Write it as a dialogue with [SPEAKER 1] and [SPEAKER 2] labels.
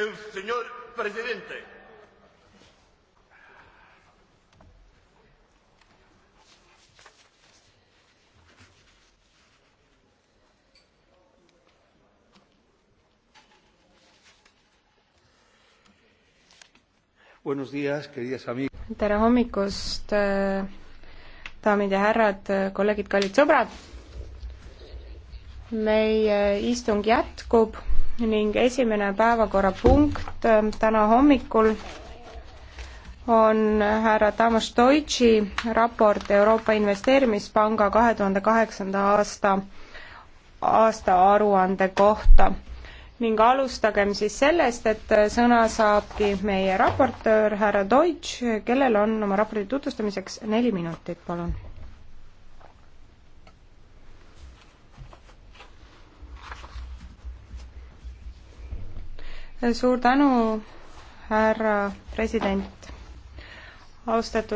[SPEAKER 1] el señor presidente. tere hommikust, eh, daamid ja härrad, eh, kolleegid, kallid sõbrad! meie istung jätkub ning esimene päevakorrapunkt ähm, täna hommikul on härra Tamas Deutschi raport Euroopa Investeerimispanga kahe tuhande kaheksanda aasta aastaaruande kohta ning alustagem siis sellest, et äh, sõna saabki meie raportöör härra Deutsch, kellel on oma raporti tutvustamiseks neli minutit, palun suur tänu, härra president. austatud